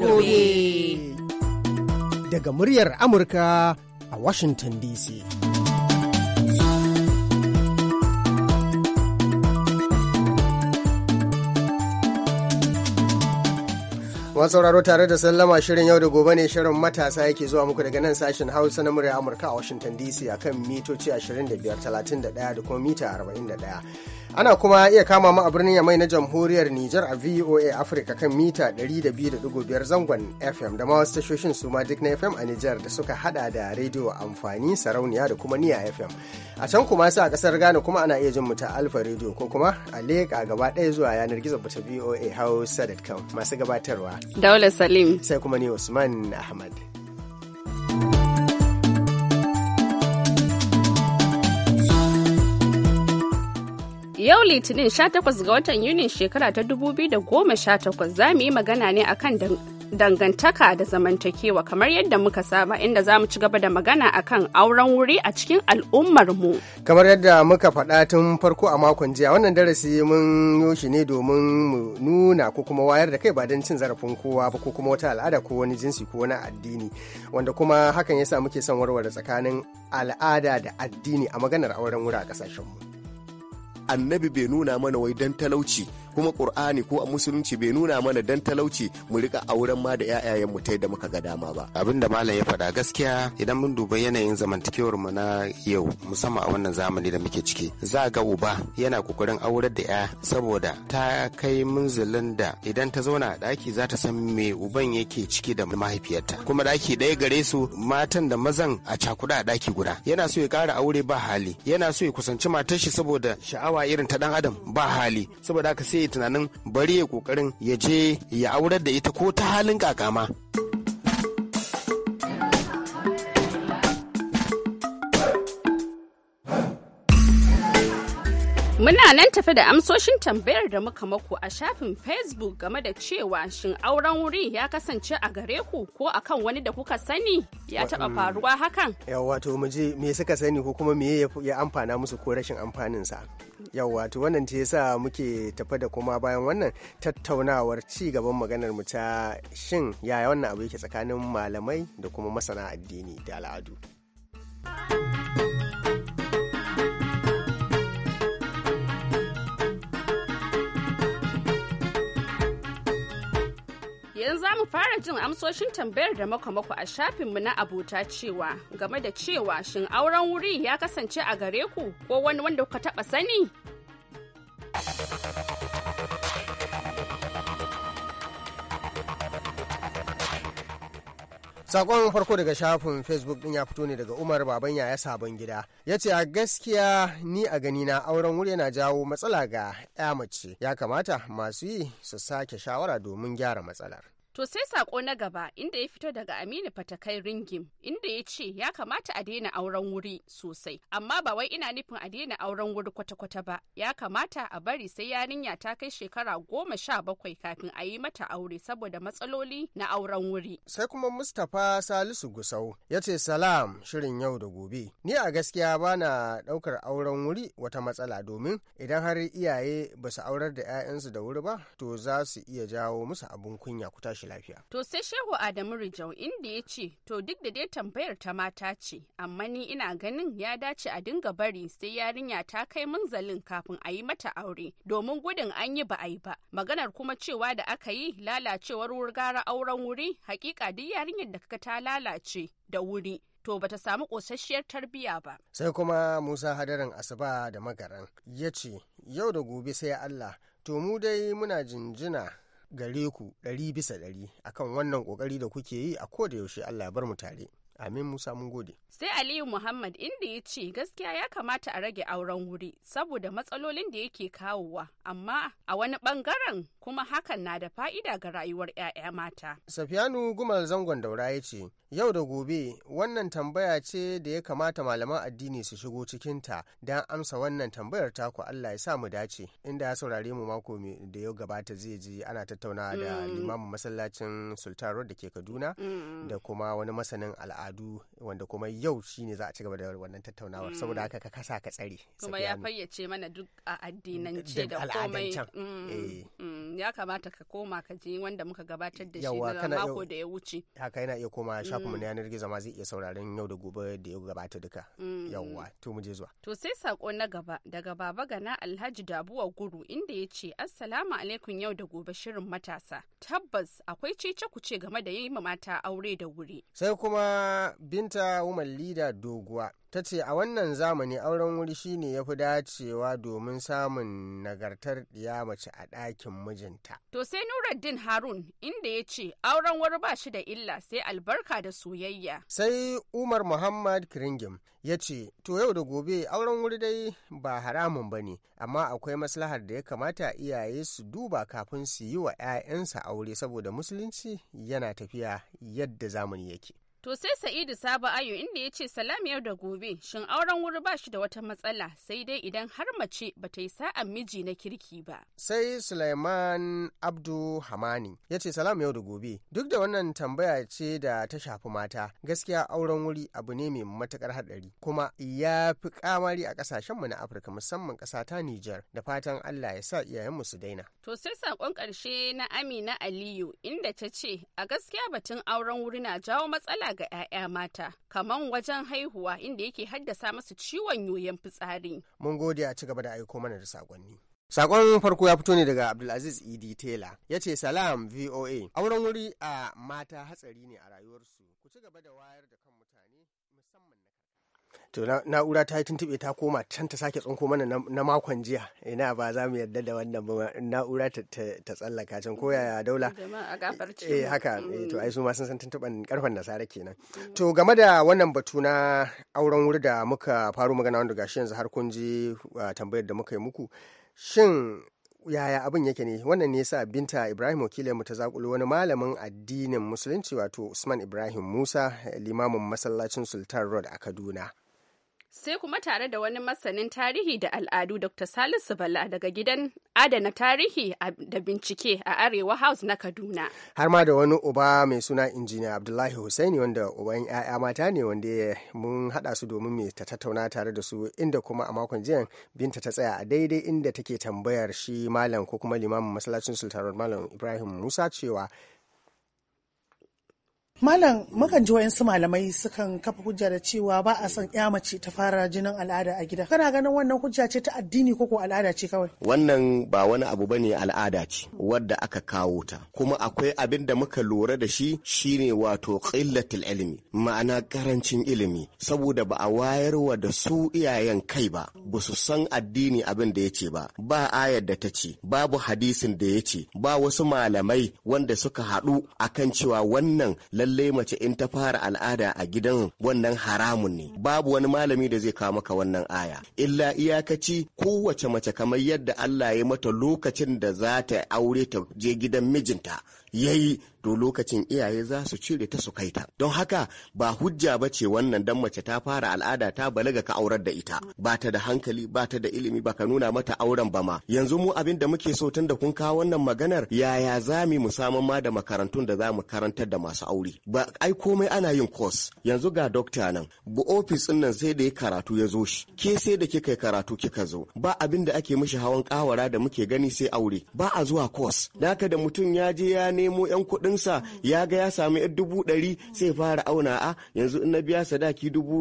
gobe. Daga muryar Amurka a Washington DC. Masu sauraro tare da sallama shirin yau da gobe ne shirin matasa yake zuwa muku daga nan sashen hausa na murya amurka a washington dc akan mitoci 25 31 da kuma mita 41 Ana kuma iya kama mu a birnin Yamai na Jamhuriyar Nijar a VOA Africa kan mita 102.5 zangon FM da ma wasu tashoshin su ma duk na FM a Nijar da suka hada da rediyo amfani sarauniya da kuma niya FM. A can kuma sa a kasar Ghana kuma ana iya jin mu ta Alfa rediyo ko kuma a leƙa gaba ɗaya zuwa yanar gizo ta VOA Hausa.com masu gabatarwa. Daula Salim. Sai kuma ni Usman Ahmad. Yau Litinin 18 ga watan Yunin shekara ta 2018 za mu yi magana ne akan dangantaka da zamantakewa kamar yadda muka saba inda za mu ci gaba da magana akan auren wuri a cikin al'ummarmu. Kamar yadda muka faɗa tun farko a makon jiya wannan darasi mun yi shi ne domin mu nuna ko kuma wayar da kai ba don cin zarafin kowa ba ko kuma wata al'ada ko wani jinsi ko wani addini wanda kuma hakan yasa muke son warware tsakanin al'ada da addini a maganar auren wuri a ƙasashenmu. annabi bai nuna mana wai dan talauci kuma ƙur'ani ko a musulunci bai nuna mana dan talauci mu rika auren ma da ƴaƴayen mu ta yadda muka ga dama ba abinda malam ya faɗa gaskiya idan mun duba yanayin zamantakewar mu na yau musamman a wannan zamani da muke ciki za ga uba yana kokarin aurar da ƴa saboda ta kai munzalin da idan ta zauna a ɗaki za ta san me uban yake ciki da mahaifiyarta kuma ɗaki ɗaya gare su matan da mazan a cakuɗa a ɗaki guda yana so ya ƙara aure ba hali yana so ya kusanci matar shi saboda sha'awa irin ta ɗan adam ba hali saboda haka sai sai ya tunanin bari ya kokarin ya je ya aurar da ita ko ta halin kakama. Muna nan tafi da amsoshin tambayar da muka maku a shafin Facebook game da cewa shin auren wuri ya kasance a gare ku ko akan wani da kuka sani ya taba mm. faruwa hakan? Yawwa to mu je me suka sani ko kuma me ya amfana musu ko rashin amfaninsa. yawwa to wannan ce yasa muke tafa da kuma bayan wannan tattaunawar ci gaban maganar mu ta shin yaya wannan abu yake tsakanin malamai da kuma masana addini da al'adu. ƙara jin amsoshin tambayar da makwamako a shafinmu na abota cewa game da cewa shin auren wuri ya kasance a gare ku ko wani wanda kuka taɓa sani? Sakon farko daga shafin Facebook din ya fito ne daga Umar babanya ya sabon gida. Ya ce a gaskiya ni a gani na auren wuri yana jawo matsala ga 'ya mace. Ya kamata masu yi su sake shawara domin gyara matsalar. To sai sako na gaba inda ya fito daga Aminu Fatakai Ringim inda ya ce ya kamata a daina auren wuri sosai amma ba wai ina nufin a daina auren wuri kwata-kwata ba ya kamata a bari sai yarinya ta kai shekara goma sha bakwai kafin a yi mata aure saboda matsaloli na auren wuri. Sai kuma Mustapha Salisu Gusau ya ce salam shirin yau da gobe. Ni a gaskiya ba na ɗaukar auren wuri wata matsala domin idan har iyaye ba su aurar da 'ya'yansu da wuri ba to za su iya jawo musu abun kunya ku tashi lafiya. To sai Shehu Adamu Rijau inda ya ce to duk da dai tambayar ta mata ce amma ni ina ganin ya dace a dinga bari sai yarinya ta kai munzalin kafin a yi mata aure domin gudun an yi ba a yi ba. Maganar kuma cewa da aka yi lalacewar wurgara auren wuri hakika duk yarinyar da kaka ta lalace da wuri to bata samu ƙosasshiyar tarbiyya ba. Sai kuma Musa Hadarin Asuba da Magaran ya ce yau da gobe sai Allah to mu dai muna jinjina gare ku ɗari bisa ɗari akan wannan ƙoƙari da kuke yi a koda yaushe Allah ya bar mu tare. Amin Musa mun gode. Sai Aliyu Muhammad inda ya ce gaskiya ya kamata a rage auren wuri saboda matsalolin da yake kawowa amma a wani bangaren kuma hakan na da fa'ida ga rayuwar 'ya'ya mata. Safiyanu Gumal Zangon Daura ya ce yau da gobe wannan tambaya ce da ya kamata malaman addini su shigo cikinta don amsa wannan tambayar taku Allah ya sa mu dace inda ya saurare mu mako da ya gabata zai je ana tattaunawa da mm. limamin masallacin Sultan da ke Kaduna mm. da kuma wani masanin al'ada. al'adu wanda kuma yau shine za a ci gaba da wannan tattaunawar mm. saboda haka ka kasa ka tsare kuma ya fayyace mana duk a addinance da komai mm. Eh. Mm. ya kamata ka koma ka je wanda muka gabatar da shi daga mako da ya wuce haka yana iya koma shafinmu na yanar gizo ma zai iya sauraron yau da gobe da ya gabata duka yawwa to mu je zuwa to sai sako na gaba daga baba gana alhaji dabuwa guru inda ya ce assalamu alaikum yau da gobe shirin matasa tabbas akwai cece ce, game da yi mata aure da wuri sai kuma binta Umar Lida Doguwa ta ce a wannan zamani auren wuri shine ya fi dacewa domin samun nagartar ɗiya mace a ɗakin mijinta. To sai Nuruddin Harun inda ya ce auren wuri ba shi da illa sai albarka da soyayya. Sai Umar Muhammad Kiringim ya ce to yau da gobe auren wuri dai ba haramun ba ne amma akwai maslahar da ya kamata iyaye su duba kafin su yi wa 'ya'yansa aure saboda musulunci yana tafiya yadda zamani yake. To sai Sa'idu Sabo Ayo inda ya ce salam yau da gobe shin auren wuri ba shi da wata matsala sai dai idan har mace ba ta yi sa'an miji na kirki ba. Sai Sulaiman Abdu Hamani ya ce salam yau da gobe duk da wannan tambaya ce da ta shafi mata gaskiya auren wuri abu ne mai matukar haɗari kuma ya fi kamari a kasashenmu na Afirka musamman ƙasa ta Nijar da fatan Allah ya sa iyayenmu su daina. To sai saƙon ƙarshe na Amina Aliyu inda ta ce a gaskiya batun auren wuri na jawo matsala illa ga 'ya'ya mata, kaman wajen haihuwa inda yake haddasa masu ciwon yoyon fitsari. Mun gode a ci gaba da aiko mana da saƙonni. Sakon farko ya fito ne daga Abdulaziz Idi Tela ya ce Salam VOA auren wuri a mata hatsari ne a rayuwarsu ku ci gaba da wayar da kan to na'ura ta yi tuntuɓe ta koma can ta sake tsunko mana na makon jiya ina ba za mu yarda da wannan ba na'ura ta tsallaka can ko yaya daula e haka eh, to ai su ma sun san tuntuɓan karfan nasara kenan mm. to game da wannan batu na auren wuri da muka faro magana wanda gashi yanzu har kun ji tambayar da muka yi muku shin yaya abin yake ne wannan ne yasa binta ibrahim mu ta zakulu wani malamin addinin musulunci wato usman ibrahim musa limamin masallacin sultan road a kaduna sai kuma tare da wani masanin tarihi da al'adu dr salisu bala daga gidan adana tarihi da bincike a arewa house na kaduna har ma da wani uba mai suna injiniya abdullahi hussaini wanda uban 'ya'ya mata ne wanda mun haɗa su domin mai ta tattauna tare da su inda kuma a makon jiyan binta ta tsaya a daidai inda take tambayar shi malam ko kuma limamin masallacin sultanar malam ibrahim musa cewa Malam mukan ji wayansu malamai sukan kafa hujja da cewa ba a son ya mace ta fara jinin al'ada a gida. Kana ganin wannan hujja ce ta addini ko ko al'ada ce kawai? Wannan ba wani abu bane al'ada ce wadda aka kawo ta. Kuma akwai abin da muka lura da shi shine wato qillatul ilmi, ma'ana karancin ilimi saboda ba a wayarwa da su iyayen kai ba, ba su san addini abin da yace ba, ba ayar da ta ce, babu hadisin da yace, ba wasu malamai wanda suka haɗu akan cewa wannan lalle mace in ta fara al'ada a gidan wannan haramun ne babu wani malami da zai kawo maka wannan aya illa iyakaci kowace mace kamar yadda Allah ya mata lokacin da za ta aure ta je gidan mijinta ya yi to lokacin iyaye za su cire ta su kaita don haka ba hujja ba ce wannan dan mace ta fara al'ada ta balaga ka aurar da ita ba ta da hankali ba ta da ilimi ba ka nuna mata auren ba ma yanzu mu abin da muke so tun da kun kawo wannan maganar yaya za mu musamman ma da makarantun da za mu karantar da masu aure ba ai komai ana yin course yanzu ga dokta nan bu ofis din nan sai da ya karatu ya zo shi ke sai da kika karatu kika zo ba abin da ake mishi hawan kawara da muke gani sai aure ba a zuwa course da da mutum ya je ya nemo yan kuɗinsa ya ga ya samu yan dubu ɗari sai fara auna a ah, yanzu in na biya sadaki dubu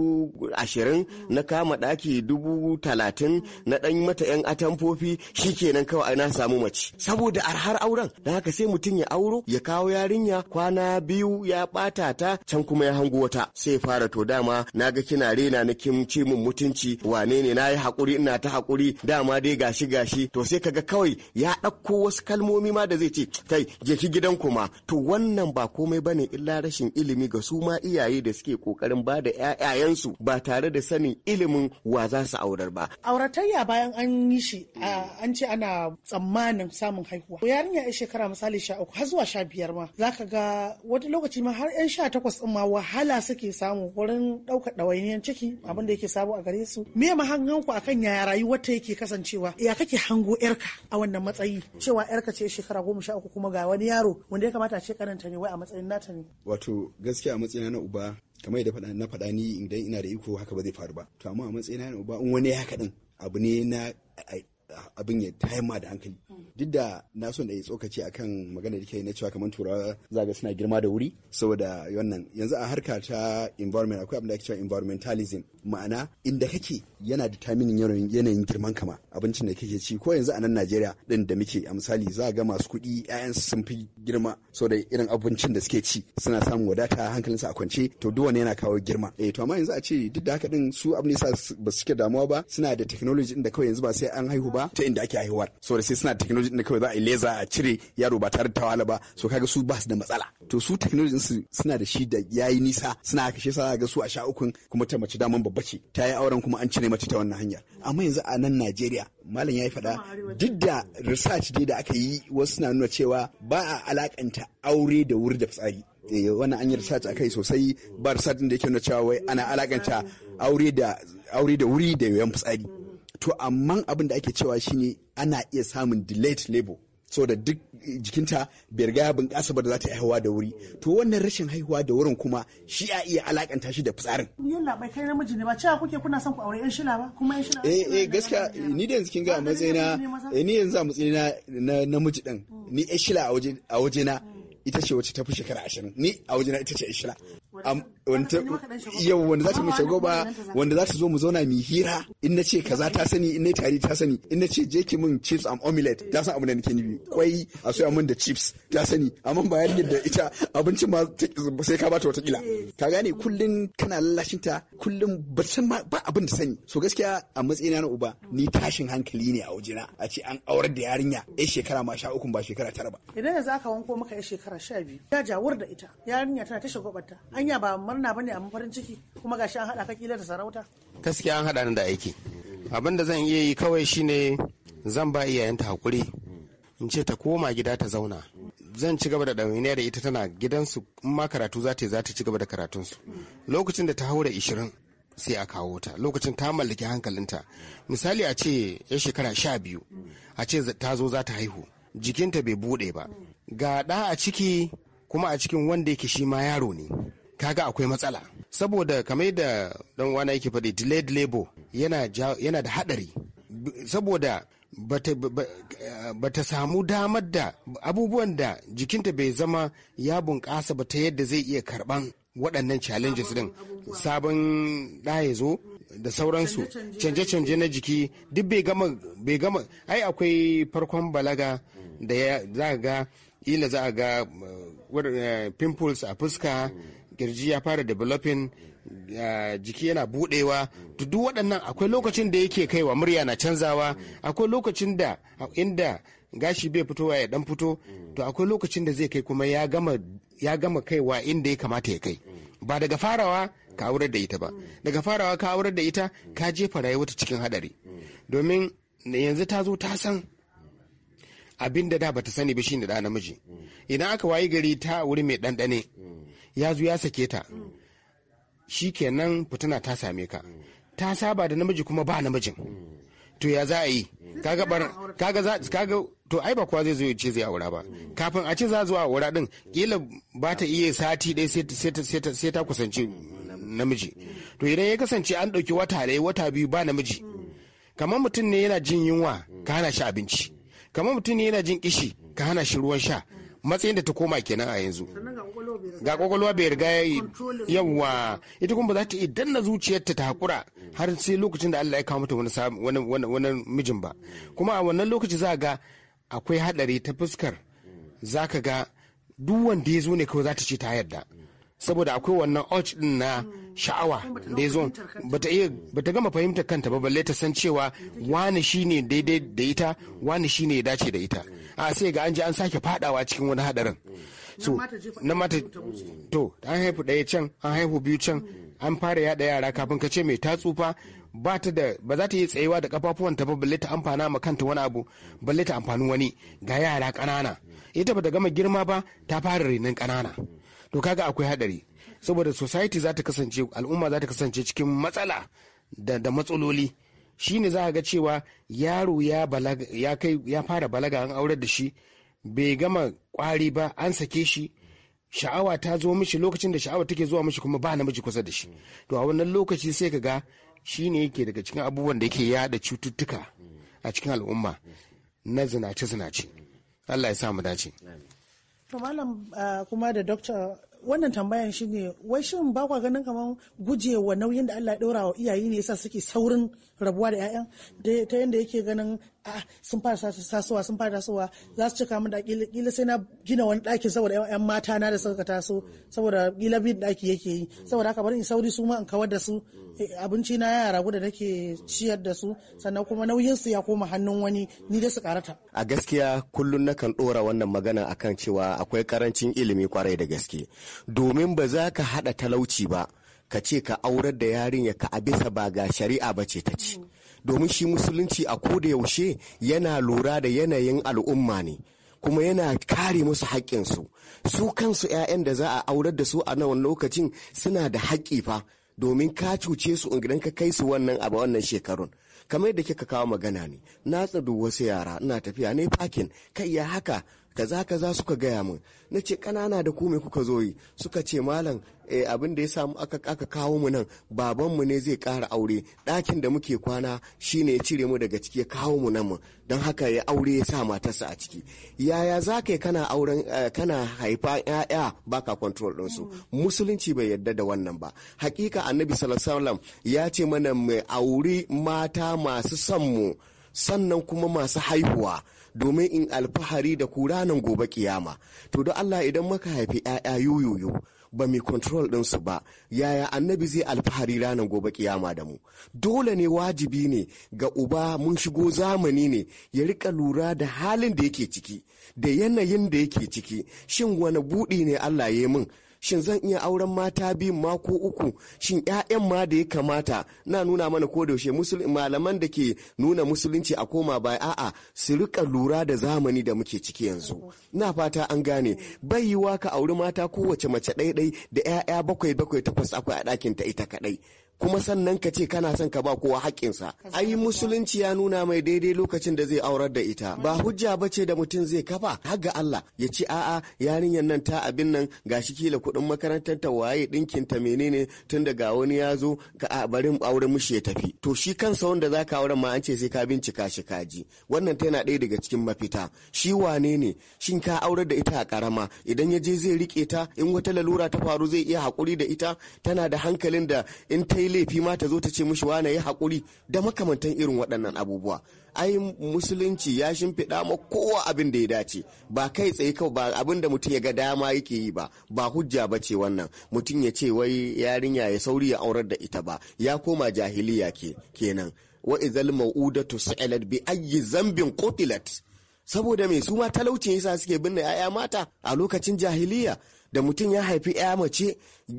ashirin na kama daki dubu talatin na ɗan mata yan atamfofi shi shikenan kawai na samu mace saboda arhar auren da haka sai mutum ya auro ya kawo yarinya kwana biyu ya ɓata ta can kuma ya hango wata sai fara to dama na ga kina rena na kin ci min mutunci wane ne na yi haƙuri ina ta hakuri dama dai gashi gashi to sai kaga kawai ya ɗauko wasu kalmomi ma da zai ce kai je ki gidan kuma to wannan ba komai bane illa rashin ilimi ga su ma iyaye da suke kokarin ba da ƴaƴayensu ba tare da sanin ilimin wa za su aurar ba auratayya bayan an yi shi an ce ana tsammanin samun haihuwa ko yarinya ya shekara misali sha har zuwa sha biyar ma zaka ga wani lokaci ma har yan sha takwas din ma wahala suke samu wurin ɗaukar ɗawainiyar ciki abin da yake sabo a gare su me mahangan ku akan yaya rayuwar ta yake kasancewa ya kake hango yarka a wannan matsayi cewa yarka ce shekara goma sha uku kuma ga wani yaro Wani wanda ya kamata a ce karanta ne wai a matsayin nata ne wato gaskiya a matsayin na uba kamar yadda na faɗa ni idan ina da iko haka ba zai faru ba to amma a matsayin na uba in wani ya haka din abu ne na abin ya yamma da hankali duk da na son da ya tsokaci kan magana da ke na cewa kamar turawa za ga suna girma da wuri saboda wannan yanzu a harka ta environment akwai abin da ake cewa environmentalism ma'ana inda kake yana da taminin yanayin girman kama abincin da kake ci ko yanzu a nan Najeriya din da muke a misali za ga masu kuɗi ƴaƴan sun fi girma so da irin abincin da suke ci suna samun wadata su a kwance to duk wani yana kawo girma eh to amma yanzu a ce duk da haka din su abin sa ba su damuwa ba suna da technology din da kawai yanzu ba sai an haihu ba ta inda ake haihuwar so da sai suna da technology din da kawai za a yi laser a cire yaro ba tare da tawala ba so kaga su ba su da matsala to su technology su suna da shi da yayi nisa suna haka shi yasa ga su a sha ukun kuma ta mace daman babba ce ta yi auren kuma an cire mata ta wannan hanyar amma yanzu a nan Najeriya malam ya yi faɗa duk da research dai da aka yi wasu na nuna cewa ba a alakanta aure da wuri da fitsari eh, wannan an yi research aka yi sosai ba research da yake nuna cewa wai ana alakanta aure da wuri da yoyon fitsari to amma abin da ake cewa shine ana iya samun delayed labor saboda duk jikinta bai riga ya bunƙasa ba da za ta haihuwa da wuri to wannan rashin haihuwa da wurin kuma shi a iya alakanta shi da fitsarin yalla bai kai namiji ne ba cewa kuke kuna son ku aure yan shila ba kuma yan shila eh eh gaskiya ni da yanzu kin ga matsayina eh, ni yanzu a matsayina na namiji din ni yan shila a waje a waje na mm. ita ce wacce ta fi shekara ashirin ni a waje na ita ce yan shila yau wanda za ta mace goba wanda za ta zo mu zauna mu hira in na ce kaza ta sani in na tari ta sani in na ce je ki min chips and omelette ta san abin da nake nufi kwai a soya min da chips ta sani amma ba yadda da ita abincin ma sai ka bata wata kila eh. ka gane kullun kana lallashin ta kullun ba san ba abin da sani so gaskiya a matsayina na uba ni tashin hankali ne a wajena a ce an aurar da yarinya ya shekara ma sha uku ba shekara tara ba idan za ka wanko maka ya shekara sha biyu ya jawar da ita yarinya tana ta shagobarta an yi ba murna bane amma farin ciki kuma gashi an hada ka kila da sarauta gaskiya an haɗa ni da aiki abin da zan iya yi kawai shine zan ba iyayenta hakuri in ce ta koma gida ta zauna zan ci gaba da ɗawainiya da ita tana gidansu in ma karatu za ta yi za ta ci gaba da karatun su lokacin da ta haura ishirin sai a kawo ta lokacin ta mallaki hankalinta misali a ce ya shekara sha biyu a ce ta zo za ta haihu jikinta bai buɗe ba ga ɗa a ciki kuma a cikin wanda yake shi ma yaro ne kaga akwai matsala saboda kamar da dan wani yake faɗi delayed labor yana yana da hadari saboda bata samu damar da abubuwan da jikinta bai zama ya bunƙasa ba ta yadda zai iya karɓan waɗannan challenges din sabon ɗaya zo da sauransu canje-canje na jiki duk bai gama ai akwai farkon balaga da za a ga ila za a ga uh, uh, pimples a fuska kirji ya fara developing jiki yana budewa duk waɗannan akwai lokacin da yake kaiwa murya na canzawa akwai lokacin da inda gashi bai fitowa ya dan fito to akwai lokacin da zai kai kuma ya gama ya gama kaiwa inda ya kamata ya kai ba daga farawa ka aurar da ita ba daga farawa ka aurar da ita ka jefa wata cikin hadari domin yanzu ta zo ta san abin da da bata sani ba shine da namiji idan aka wayi gari ta wuri mai dandane. ya zo ya sake ta shi kenan fitina ta same ka ta saba da namiji kuma ba namijin to ya za a yi kaga kaga to ai ba kowa zai zo ya ce zai aura ba kafin a ce za zuwa aura din kila ba ta iya sati ɗaya sai ta kusanci namiji to idan ya kasance an ɗauki wata ɗaya wata biyu ba namiji kamar mutum ne yana jin yunwa ka hana shi abinci kamar mutum ne yana jin kishi ka hana shi ruwan sha matsayin da ta koma kenan a yanzu ga kwakwalwa bai riga yawa ita kuma ba za ta iya danna zuciyarta ta hakura har sai lokacin da Allah ya kawo mata wani mijin ba kuma a wannan lokaci za ga akwai hadari ta fuskar za ka ga duk wanda ya zo ne kawai za ta ce ta yarda saboda akwai wannan arch din na sha'awa da ya zo ba ta gama fahimtar kanta ba balle ta san cewa wani shine daidai da ita wani shine ya dace da ita a sai ga an ji an sake fadawa cikin wani hadarin so na mata to an haifu daya can an haifu biyu can an fara yada yara kafin ka ce mai ta tsufa ba ta da ba za ta yi tsayewa da kafafuwan ta ba balle ta amfana ma kanta wani abu balle ta amfani wani ga yara kanana ita ba ta gama girma ba ta fara renin kanana to kaga akwai hadari saboda society za ta kasance al'umma za ta kasance cikin matsala da matsaloli shi ne za a ga cewa yaro ya kai ya fara balaga an aurar da shi bai gama kwari ba an sake shi sha'awa ta zo mishi lokacin da sha'awa take zuwa mishi kuma ba namiji kusa da shi to a wannan lokaci sai ka ga shi ne yake daga cikin abubuwan da yake yada cututtuka a cikin al'umma na zinace zinace Allah ya sa mu dace to malam ah, kuma da doctor wannan tambayan shi ne wai shin ba ganin kamar gujewa nauyin da Allah ya daura wa iyaye ne yasa suke saurin rabuwa da 'ya'yan ta yadda yake ganin a sun fara tasowa sun fara tasowa za su cika min da kila sai na gina wani ɗakin saboda 'yan mata na da suka taso saboda kila bin ɗaki yake yi saboda haka bari in sauri su ma in kawar da su e, abinci na yara ragu da nake ciyar da su sannan kuma nauyin su ya koma hannun wani ni dai su karata a gaskiya kullum nakan ɗora wannan magana akan cewa akwai karancin ilimi kwarai da gaske domin ba za ka haɗa talauci ba ka ce ka aurar da yarinya ka a bisa ba ga shari'a ba ce ta ci domin shi musulunci a koda yaushe yana lura da yanayin al'umma ne kuma yana kare musu haƙƙinsu su kansu 'ya'yan da za a aurar da su a nan lokacin suna da haƙƙi fa domin ka cuce su idan ka kai su wannan abu wannan shekarun kamar yadda kika kawo magana ne na tsadu wasu yara ina tafiya ne fakin kai ya haka kaza kaza suka gaya mun na ce ƙanana da ku mai kuka zo yi suka ce malam e, abin da ya samu aka, aka kawo mu nan baban mu ne zai kara aure ɗakin da muke kwana shine ya cire mu daga ciki ya kawo mu nan mu don haka ya aure ya sa matarsa a ciki yaya za ka yi kana auren eh, kana haifa ya'ya baka control ɗinsu musulunci bai yarda da wannan ba hakika annabi sallallahu ya ce mana mai auri mata masu son mu sannan kuma masu haihuwa domin in alfahari da ku ranar gobe kiyama to don Allah idan muka haifi 'ya'ya yoyoyo ba mai control ɗinsu ba yaya annabi zai alfahari ranar gobe kiyama da mu dole ne wajibi ne ga uba mun shigo zamani ne ya rika lura da halin da yake ciki da yanayin da yake ciki shin wani buɗi ne Allah ya yi min shin zan iya auren mata biyu ma ko uku shin yayan ma da ya kamata na nuna mana ko daushe yaushe malaman da ke nuna musulunci a koma bai a'a su rika lura da zamani da muke ciki yanzu na fata an gane bai yiwa ka auri mata kowace mace ɗaiɗai da ƴaƴa bakwai bakwai takwas akwai a ɗakin ta ita kaɗai kuma sannan ka ce kana son ka ba kowa haƙƙinsa ai musulunci ya nuna mai daidai lokacin da zai aurar da ita ba hujja ba ce da mutum zai kafa har ga Allah ya ce a'a yarinyar nan ta abin nan ga shi kila kuɗin makarantar ta waye ɗinkin ta menene tun da ga wani ya zo ka a barin aure mushi ya tafi to shi kansa wanda za ka auren ma an ce sai ka bincika shi kaji wannan ta yana ɗaya daga cikin mafita shi wane ne shin ka aurar da ita a karama idan ya je zai rike ta in wata lalura ta faru zai iya haƙuri da ita tana da hankalin da in ta yi yi laifi ma ta zo ta ce mushi wane ya haƙuri da makamantan irin waɗannan abubuwa ai musulunci ya shimfiɗa ma kowa abin da ya dace ba kai tsaye kawai ba abin da mutum ya ga dama yake yi ba ba hujja ba ce wannan mutum ya ce wai yarinya ya sauri ya aurar da ita ba ya koma jahiliya ke kenan wa izal mau'udatu su'ilat bi ayyi zambin qutilat saboda mai su ma talaucin yasa suke binne 'ya'ya mata a lokacin jahiliya da mutum ya haifi ya mace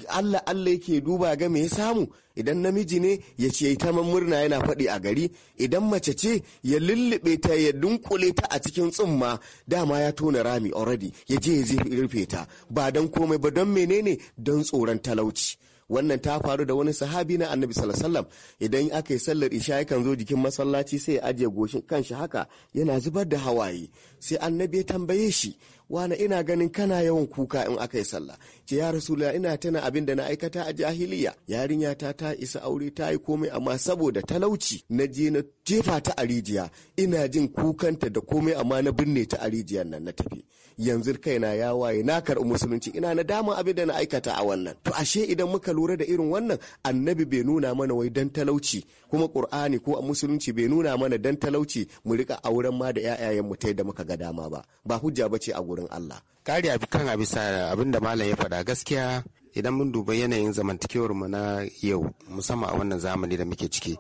Allah Allah yake duba ga me ya samu idan namiji ne ya ce ta murna yana faɗi a gari idan mace ce ya lullube ta ya dunkule ta a cikin tsumma dama ya tona rami already ya je ya rufe ta ba don komai ba don menene don tsoron talauci wannan ta faru da wani sahabi na annabi sallallahu idan aka yi sallar isha yakan zo jikin masallaci sai ya ajiye goshin kanshi haka yana zubar da hawaye sai annabi ya tambaye shi wana ina ganin kana yawan kuka in aka yi sallah ce ya rasulullah ina tana abin da na aikata a jahiliya yarinya ta ta isa aure ta yi komai amma saboda talauci na je na jefa ta a rijiya ina jin kukanta da komai amma na binne ta a rijiyar nan na tafi yanzu na ya waye na karɓi musulunci ina na dama abin da na aikata a wannan to ashe idan muka lura da irin wannan annabi bai nuna mana wai dan talauci kuma qur'ani ko a musulunci bai nuna mana dan talauci mu rika auren ma da 'ya'yayen mu ta yadda muka ga dama ba ba hujja ba ce a gurin Allah kari abi kan abisa abin da malam ya faɗa gaskiya idan mun duba yanayin zamantakewar mu na yau musamman a wannan zamani da muke ciki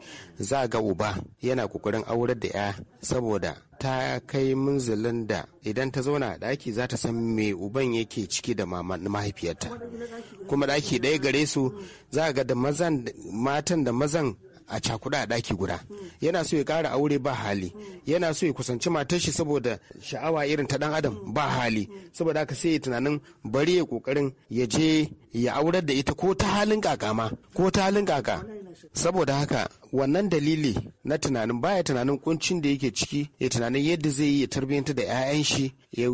za ga uba yana kokarin aurar da ya saboda ta kai munzalin da idan ta zauna a ɗaki za ta san me uban yake ciki da mahaifiyarta kuma ɗaki ɗaya gare su za ga da mazan matan da mazan a cakuda a daki guda yana so ya kara aure ba hali yana so ya kusanci matar shi saboda sha'awa irin ta dan adam ba hali saboda haka sai ya tunanin bari ya kokarin ya je ya aurar da ita ko ta halin kaka ma ko ta halin kaka saboda haka wannan dalili na tunanin baya tunanin kuncin da yake ciki ya tunanin yadda zai yi ya tarbiyyanta da 'ya'yan shi ya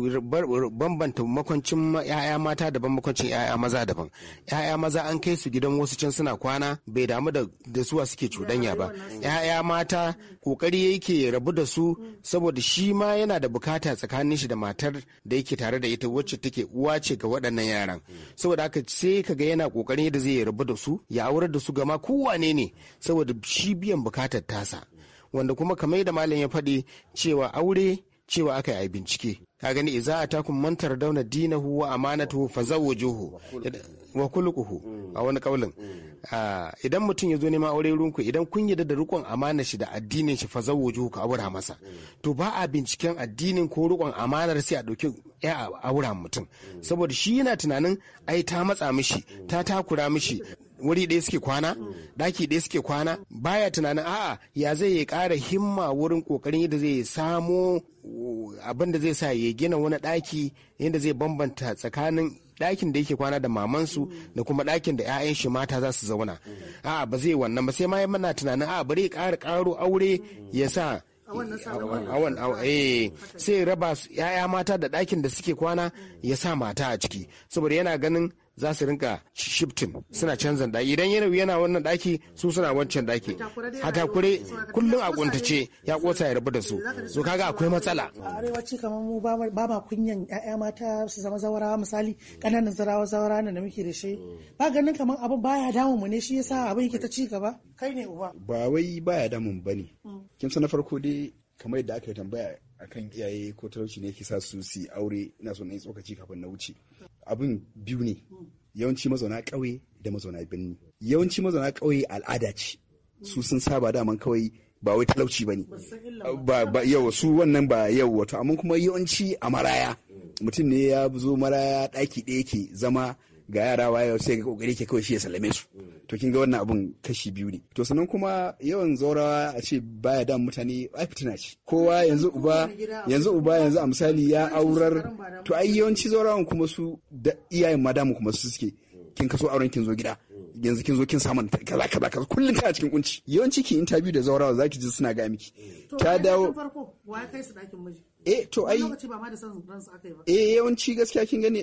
bambanta makwancin 'ya'ya mata daban makwancin 'ya'ya maza daban 'ya'ya maza an kai su gidan wasu can suna kwana bai damu da suwa suke cuɗanya ba 'ya'ya mata kokari yake ya rabu da su saboda shi ma yana da bukata tsakanin shi da matar da yake tare da ita wacce take uwa ce ga waɗannan yaran saboda haka sai ka ga yana kokarin yadda zai rabu da su ya aurar da su gama kowane ne saboda shi biyan bukatar tasa wanda kuma kamar da malam ya faɗi cewa aure cewa aka yi bincike ka gani iza a takun mantar dauna dinahu wa amanatu fa zawo juhu wa kulquhu a wani kaulin idan mutum ya zo neman aure rinku idan kun yarda da rikon amana shi da addinin shi fa juhu ka aura masa to ba a binciken addinin ko rikon amanar sai a dauki ya aura mutum saboda shi yana tunanin ai ta matsa mishi ta takura mishi wuri ɗaya suke kwana mm. ɗaki ɗaya suke kwana baya tunanin a'a ya zai ya ƙara himma wurin ƙoƙarin yadda zai samo uh, abin da zai sa ya gina wani daki yadda zai bambanta tsakanin ɗakin da yake kwana da mamansu da kuma ɗakin da 'ya'yan shi mata za su zauna mm. a'a ba zai wannan ba sai ma mana tunanin a'a bari ya ƙara ƙaro aure mm. ya sa awan eh, sai raba 'ya'ya mata da ɗakin da suke kwana ya sa mata a ciki saboda yana ganin za su rinka shiftin suna canzan daki idan yanayi yana wannan daki su suna wancan daki hatakure kullum a kuntace ya kosa ya rabu da su so kaga akwai matsala arewaci kamar mu ba ma kunyan 'ya'ya mata su zama zawarawa misali kananan zarawa zawara da muke da shi ba ganin kamar abin baya damun mu ne shi yasa abin yake ta ci gaba kai ne uba ba wai baya damun bane kin san na farko dai kamar yadda aka yi tambaya akan iyaye ko talauci ne yake sa su su aure ina so na yi tsokaci kafin na wuce abin biyu ne yawanci mazauna ƙauye da mazauna birni yawanci mazauna ƙauye al'ada ce su sun saba daman kawai ba wai talauci ba ne ba yau su wannan ba yau wato amma kuma yawanci a maraya mutum ne ya zo maraya ɗaki ɗaya ke zama ga yara waye sai ga kokari ke kawai shi ya sallame su to kin ga wannan abun kashi biyu ne to sannan kuma yawan zaurawa a ce baya da mutane ai fitina ce kowa yanzu uba yanzu uba yanzu a misali ya aurar to ai yawanci zaurawan kuma su da iyayen madamu kuma su suke kin kaso auren kin zo gida yanzu kin zo kin samu kaza kaza kaza kullum kana cikin kunci yawanci ki interview da zaurawa zaki ji suna ga miki ta dawo wa kai su dakin miji eh to ai eh yawanci gaskiya kin gane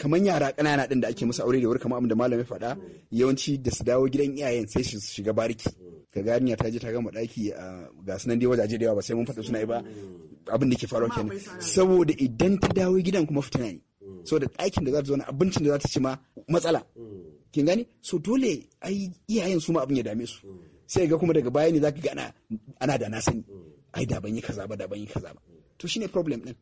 kamar yara kanana din da ake musu aure da wuri kamar abin da malami faɗa yawanci da su dawo gidan iyayen sai su shiga barki. ka garinya ta je ta gama ɗaki a ga sunan dai wajaje da yawa ba sai mun faɗa suna ba abin da ke faruwa kenan saboda idan ta dawo gidan kuma fitina ne so da ɗakin da za ta zo abincin da za ta ci ma matsala kin gani so dole ai iyayen su ma abin ya dame su sai ga kuma daga baya ne zaka ga ana ana da na sani ai da ban yi kaza ba da ban yi kaza ba to shine problem din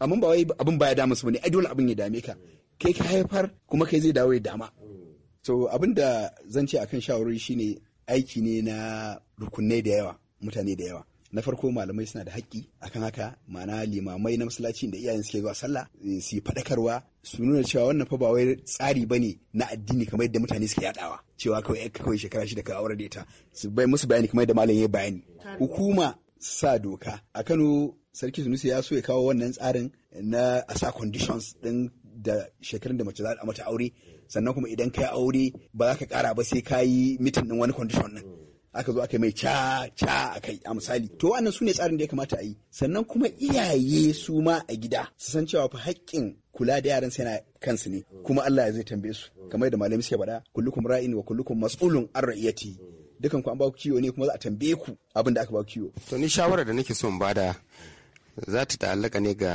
amma ba wai abin baya dama su bane ai dole abin ya dame ka kai ka haifar kuma kai zai dawo ya dama so abin da zan ce akan shawarwari shine aiki ne na rukunai da yawa mutane da yawa na farko malamai suna da haƙƙi akan haka ma'ana limamai na masallaci da iyayen suke zuwa sallah eh, su yi faɗakarwa su nuna cewa wannan fa ba wai tsari bane na addini kamar yadda mutane suke yaɗawa cewa kawai ka kawai shekara shida ka aure da ita su bai musu bayani kamar yadda malam ya bayani hukuma sa doka a Kano sarki sunusi ya so ya kawo wannan tsarin na a sa conditions din da shekarun da mace za a mata aure sannan kuma idan ka yi aure ba za ka kara ba sai ka yi mitin din wani condition din aka zo aka mai ca ca a kai a misali to wannan su ne tsarin da ya kamata a yi sannan kuma iyaye su ma a gida su san cewa fa haƙƙin kula da yaran sai na kansu ne kuma Allah ya zai tambaye su kamar yadda malami suke bada kullukum ra'in wa kullukum mas'ulun an ra'iyati dukan ku an ba ku kiwo ne kuma za a tambaye ku abin da aka ba ku kiwo to ni shawara da nake so in bada za ta ta'allaka ne ga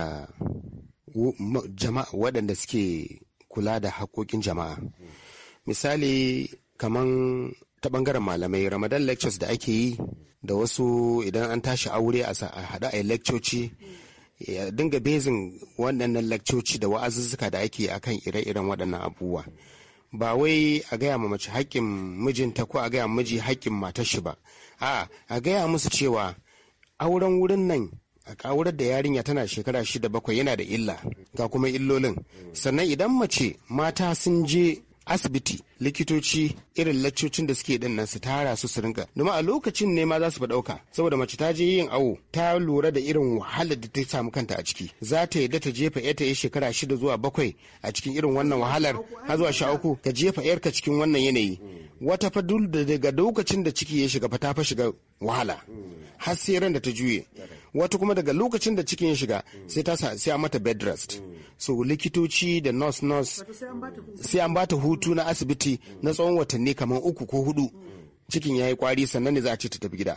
jama'a waɗanda suke kula da haƙoƙin jama'a misali kaman ta ɓangaren malamai ramadan lectures da ake yi da wasu idan an tashi aure a haɗa a leccoci ya dinga bezin waɗannan lakcoci da wa'azuzzuka da ake kan ire-iren waɗannan abubuwa ba wai a gaya ma mace haƙƙin mijinta ko a gaya miji haƙƙin matar shi ba a a gaya musu cewa auren wurin nan a kawurar da yarinya tana shekara shida bakwai yana da illa ga kuma illolin sannan idan mace mata sun je asibiti likitoci irin laccocin da suke din nan su tara su su rinka domin a lokacin ne ma za su dauka saboda mace ta je yin awo ta lura da irin wahalar da ta samu kanta a ciki za ta yadda ta jefa ta yi shekara shida zuwa bakwai a cikin irin wannan wahalar har zuwa sha uku ka jefa yarka cikin wannan yanayi wata fa daga lokacin da ciki ya shiga fa ta fa shiga wahala har sai ran da ta juye wata kuma daga lokacin da cikin ya shiga sai ta sai a mata bed rest so likitoci da nurse nurse sai an bata hutu na asibiti na tsawon watanni kamar uku ko hudu cikin ya yi kwari sannan ne za a ce ta tafi gida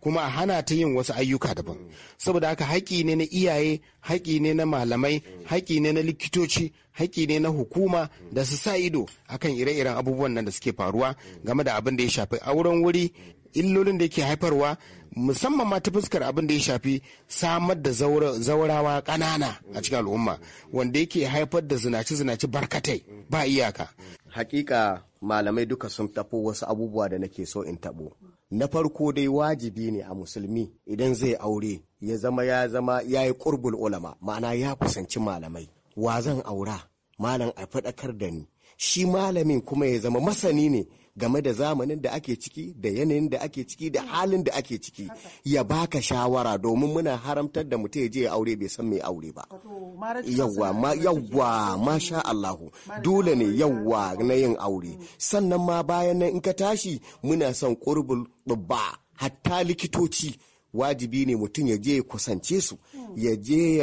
kuma a hana ta yin wasu ayyuka daban saboda haka haƙi ne na iyaye haƙi ne na malamai haƙi ne na likitoci haƙi ne na hukuma da su sa ido akan ire-iren abubuwan nan da suke faruwa game da abin da ya shafi auren wuri illolin da ke haifarwa musamman ma ta fuskar abin da ya shafi samar da zaurawa ƙanana a cikin al'umma wanda yake haifar da zinace-zinace barkatai ba iyaka hakika malamai duka sun tafo wasu abubuwa da nake so in tabo na farko dai wajibi ne a musulmi idan zai aure ya zama ya zama ya yi ƙurbul ulama ma'ana ya kusanci malamai wa zan aura malam a faɗakar da ni shi malamin kuma ya zama masani ne game da zamanin da ake ciki da yanayin da ake ciki da halin da ake ciki ya baka shawara domin muna haramtar da mutum ya je ya aure bai san mai aure ba yawwa ma yawwa masha Allahu dole ne yawwa na yin aure mm. sannan ma bayan nan in ka tashi muna son kurbul dubba hatta likitoci wajibi ne mutum ya je ya kusance su mm. ya je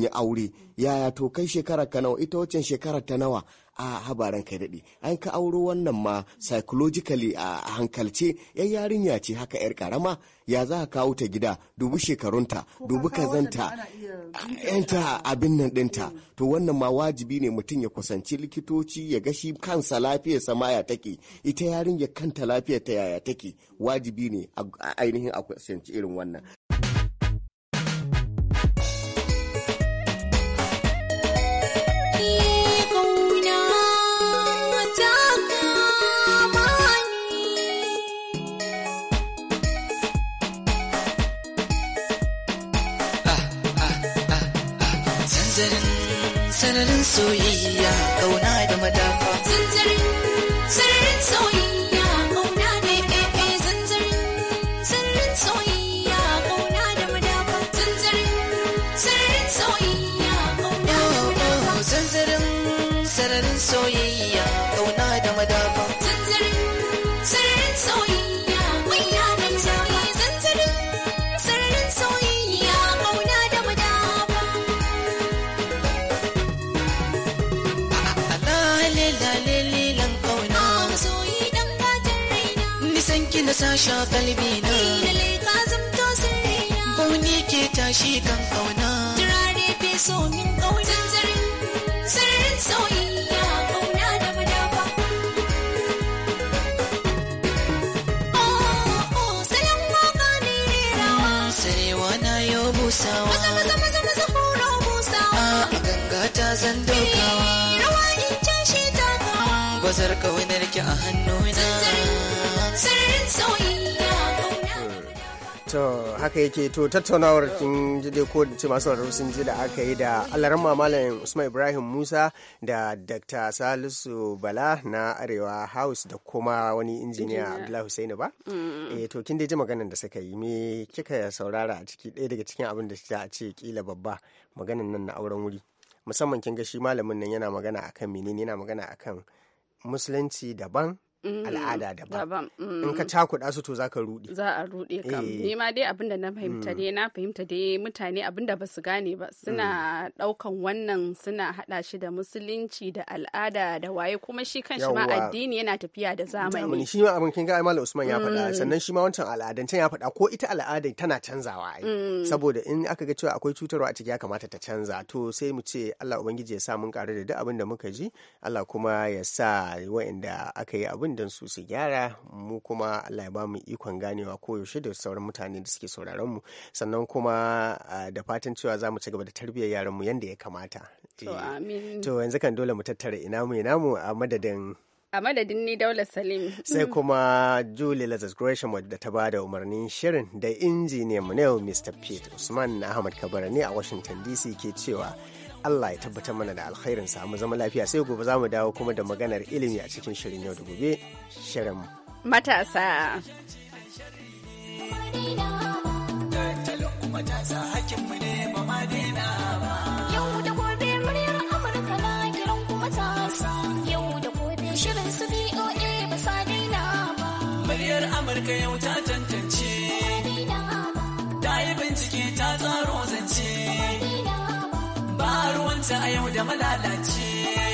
ya aure mm. yaya to kai shekarar ka nawa ita waccan shekarar ta nawa a habaran kai daɗi an ka auro wannan ma psychologically a hankalce yan yarinya ce haka yar karama ya za ka kawo ta gida dubi shekarunta dubi kazanta yanta abin nan ɗinta mm. to wannan ma wajibi ne mutum ya kusanci likitoci ya ga shi kansa sa ma ya take ita yarinya kanta lafiyar ta yaya take wajibi ne ainihin a kusanci irin wannan soyayya kauna da madafa zanzarin sararin soyayya kauna da eh eh sararin soyayya kauna da madafa zanzarin sararin soyayya kauna da madafa oh, oh, zanzarin sararin soyayya sha kalbi na ka zamto soyayya bauni ke tashi kan kauna turare fi so min kauna zanzarin sararin soyayya kauna da madafa oh oh salon waka ne rawa sarewa na yo busawa maza maza maza maza hura busawa a ah, ganga ta zando kawa. Eh, rawa in tashi ta kawa bazar kawai narki a hannu na zanzarin to haka yake to tattaunawar kin ji dai ko ce masu wararru sun ji da aka yi da alaran malamin Usman Ibrahim Musa da Dr. Salisu Bala na Arewa House da kuma wani injiniya Abdullahi Hussein ba eh to kin dai ji maganan da suka yi me kika saurara a ciki ɗaya daga cikin abin da ta ce kila babba maganar nan na auren wuri musamman kin ga shi malamin nan yana magana akan menene yana magana akan musulunci daban Mm, al'ada daban mm. in ka cakuɗa su to za ka ruɗe za a ruɗe kam eh. ni ma dai abin da na fahimta mm. dai na fahimta dai mutane abin da ba su gane ba suna ɗaukan wannan suna haɗa shi da musulunci da al'ada da waye kuma shi kan shi ma addini yana tafiya da zamani shi ma abin kin ga Malam Usman ya faɗa sannan shi ma wancan can ya faɗa ko ita al'ada tana canzawa ai saboda in aka ga cewa akwai cutarwa a ciki ya kamata ta canza to sai mu ce Allah ubangiji ya sa mun kare da duk abin da muka ji Allah kuma ya sa wa'anda aka yi abin dan su su gyara mu kuma allah ya ba mu ikon ganewa koyaushe da sauran mutane da suke sauraron mu sannan kuma da fatan cewa za mu ci gaba da tarbiyyar yaran mu yanda ya kamata eh, to yanzu kan dole mu tattara ina mu ina mu a madadin a madadin ni daula salim sai mm. kuma julie lazar gresham wadda ta bada umarnin shirin da injiniyan mu ne mr pete usman ahmad kabara ne a washington dc ke cewa Allah ya tabbatar mana da alkhairin samu zama lafiya sai gobe za mu dawo kuma da maganar ilimi a cikin shirin yau da gobe shirin matasa amurka yau ta manta a yau da malalaci